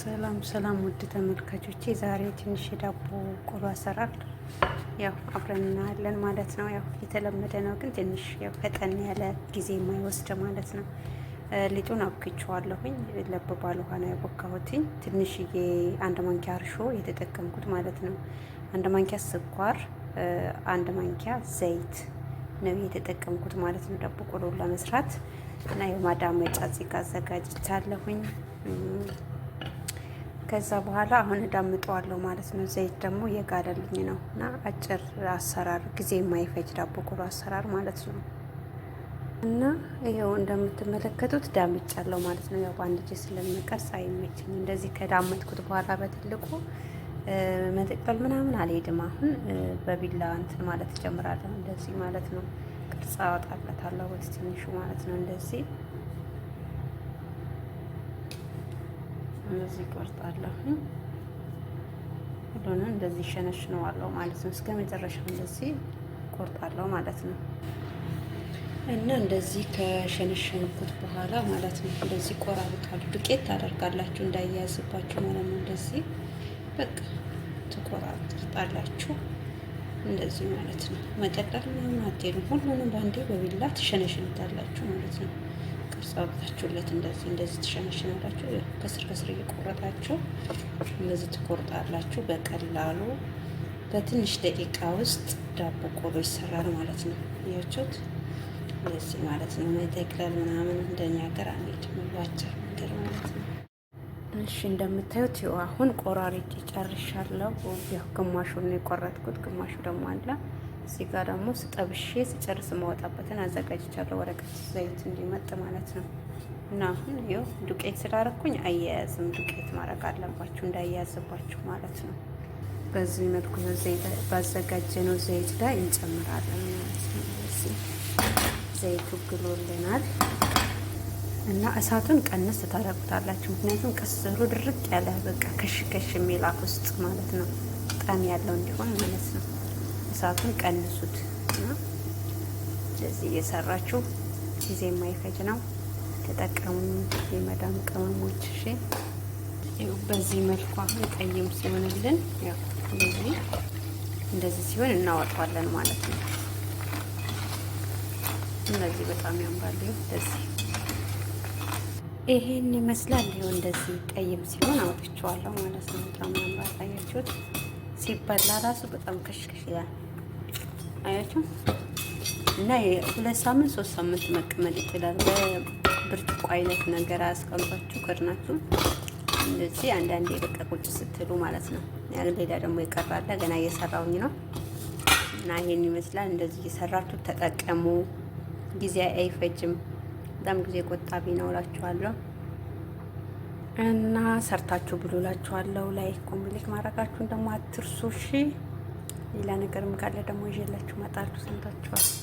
ሰላም ሰላም ውድ ተመልካቾቼ፣ ዛሬ ትንሽ የዳቦ ቆሎ አሰራር ያው አብረን እናያለን ማለት ነው። ያው የተለመደ ነው፣ ግን ትንሽ ያው ፈጠን ያለ ጊዜ የማይወስድ ማለት ነው። ሊጡን አብክቼዋለሁኝ። ለብ ባለ ውሃ ነው ያቦካሁትኝ። ትንሽዬ አንድ ማንኪያ እርሾ የተጠቀምኩት ማለት ነው። አንድ ማንኪያ ስኳር፣ አንድ ማንኪያ ዘይት ነው የተጠቀምኩት ማለት ነው። ዳቦ ቆሎ ለመስራት እና የማዳመጫ ዚጋ አዘጋጅቻለሁኝ። ከዛ በኋላ አሁን እዳምጠዋለሁ ማለት ነው። ዘይት ደግሞ የጋለልኝ ነው እና አጭር አሰራር ጊዜ የማይፈጅ ዳቦ ቆሎ አሰራር ማለት ነው። እና ይኸው እንደምትመለከቱት ዳምጫለሁ ማለት ነው። ያው በአንድ እጄ ስለምቀርጽ አይመችኝ። እንደዚህ ከዳመጥኩት በኋላ በትልቁ መጠቀል ምናምን አልሄድም። አሁን በቢላ እንትን ማለት እጀምራለሁ። እንደዚህ ማለት ነው። ቅርጽ አወጣበታለሁ በትንሹ ማለት ነው እንደዚህ እንደዚህ ቆርጣለሁ። ሁሉንም እንደዚህ ሸነሽነዋለሁ ማለት ነው። እስከ መጨረሻው እንደዚህ ቆርጣለሁ ማለት ነው። እና እንደዚህ ከሸነሸንኩት በኋላ ማለት ነው እንደዚህ ቆራርጣለሁ። ዱቄት ታደርጋላችሁ እንዳያያዝባችሁ ማለት ነው። እንደዚህ በቃ ትቆራርጣላችሁ እንደዚህ ማለት ነው። መቀጠል ምንም አትሄዱም። ሁሉንም በአንዴ በቢላ ትሸነሽኑታላችሁ ማለት ነው። ቅርጽ አውጥታችሁለት እንደዚህ እንደዚህ ትሸነሽናላችሁ። ከስር ከስር እየቆረጣችሁ እንደዚህ ትቆርጣላችሁ። በቀላሉ በትንሽ ደቂቃ ውስጥ ዳቦ ቆሎ ይሰራል ማለት ነው። ያችሁት እንደዚህ ማለት ነው። መጠቅለል ምናምን እንደኛ ሀገር አንሄድ ባጭር ነገር ማለት ነው። እሺ እንደምታዩት ይኸው አሁን ቆራርጬ ጨርሻለሁ። ግማሹን የቆረጥኩት፣ ግማሹ ደግሞ አለ እዚህ ጋር ደግሞ ስጠብሼ ስጨርስ ማወጣበትን አዘጋጅቻለሁ። ወረቀት ዘይት እንዲመጥ ማለት ነው። እና አሁን ይኸው ዱቄት ስላረኩኝ አያያዝም ዱቄት ማድረግ አለባችሁ እንዳያያዝባችሁ ማለት ነው። በዚህ መልኩ ነው ዘይት ላይ እንጨምራለን ማለት ነው። ዘይቱ ግሎልናል እና እሳቱን ቀነስ ታደርጉታላችሁ። ምክንያቱም ቀስ ድርቅ ያለ በቃ ከሽ የሚላክ ውስጥ ማለት ነው ጣም ያለው እንዲሆን ማለት ነው። እሳቱን ቀንሱት እና እንደዚህ እየሰራችሁ ጊዜ የማይፈጅ ነው። ተጠቀሙ የመዳም ቅመሞች። እሺ በዚህ መልኩ አሁን ቀይም ሲሆንልን እንደዚህ እንደዚህ ሲሆን እናወጣዋለን ማለት ነው። እነዚህ በጣም ያምራል። እንደዚህ ይሄን ይመስላል። ይኸው እንደዚህ ቀይም ሲሆን አውጥቼዋለሁ ማለት ነው። በጣም ያምራል። አያችሁት? ሲበላ ራሱ በጣም ከሽከሽ ይላል። አያችሁ እና የሁለት ሳምንት ሶስት ሳምንት መቀመጥ ይችላል። በብርጭቆ አይነት ነገር አስቀምጣችሁ ከርናችሁ እንደዚህ አንዳንዴ በቃ ቁጭ ስትሉ ማለት ነው። ሌላ ደግሞ ይቀራል። ገና እየሰራውኝ ነው እና ይሄን ይመስላል። እንደዚህ እየሰራችሁ ተጠቀሙ። ጊዜ አይፈጅም። በጣም ጊዜ ቆጣቢ ነው እላችኋለሁ። እና ሰርታችሁ ብሉ እላችኋለሁ። ላይክ ኮሜንት ማድረጋችሁን ደግሞ አትርሱ እሺ። ሌላ ነገርም ካለ ደግሞ ይዤላችሁ እመጣለሁ። ሰምታችኋል።